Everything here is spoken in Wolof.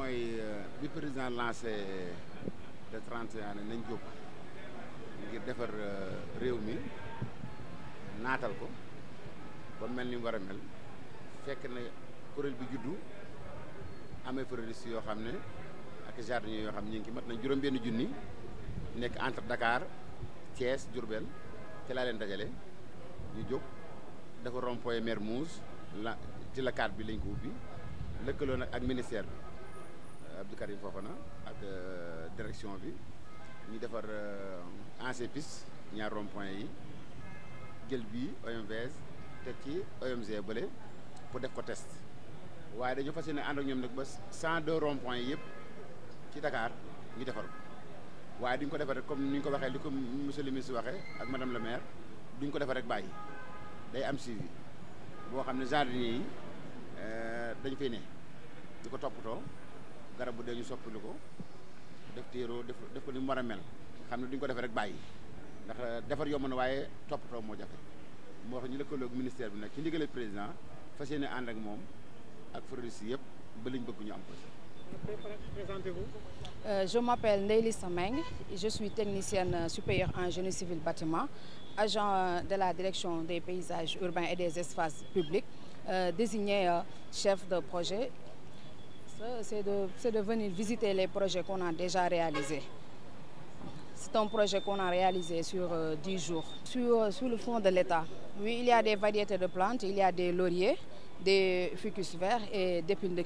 mooy euh, bi président lancé de 31 ans nañ jóg ngir defar euh, réew mi naatal ko ba mel ni mu war a mel fekk na kuréel bi juddu amee fleuristes yoo xam ne ak jardiniers yoo xam ne ñu ngi mat na juróom-benn junni nekk entre Dakar Thiès Diourbel ci laa leen dajale ñu jóg dafa rond-point Mermoz la ci la bi lañ ko ubbi lëkkaloo nag ak ministère bi. Abdou Karim na ak euh, direction bi ñu defar euh, ancien piste ñaar rond-point yi jël bii OMVS teg ci OMG bële pour def ko test waaye dañu fas yéene ànd ñoom nag ba 102 rond-point yi yëpp ci Dakar ñu defar ko waaye duñ ko defar rek comme ni ñu ko waxee li ko monsieur le ministre waxee ak madame le maire duñ ko defar rek bàyyi day am suivi boo xam ne jardinier yi euh, dañ fay ne di ko toppatoo garab bu dee ñu soppali ko def tiiroo def ko ni mu war a mel xam ne duñ ko defee rek bàyyi ndax euh, defar yomb na waaye toppatoo moo jafe moo wax ñu lëkkaloog ministère bi nag ci ndigal président fas yéene ànd ak moom ak fleuristes yëpp ba liñ bëgg ñu am ko Euh, je m'appelle Ndeyli Sameng, je suis technicienne supérieure en génie civil bâtiment, agent euh, de la direction des paysages urbains et des espaces publics, euh, désignée euh, chef de projet c'est de, c'est de venir visiter les projets qu'on a déjà réalisés. C'est un projet qu'on a réalisé sur euh, 10 jours. Sur, euh, sur le fond de l'État, oui, il y a des variétés de plantes, il y a des lauriers, des ficus verts et des piles de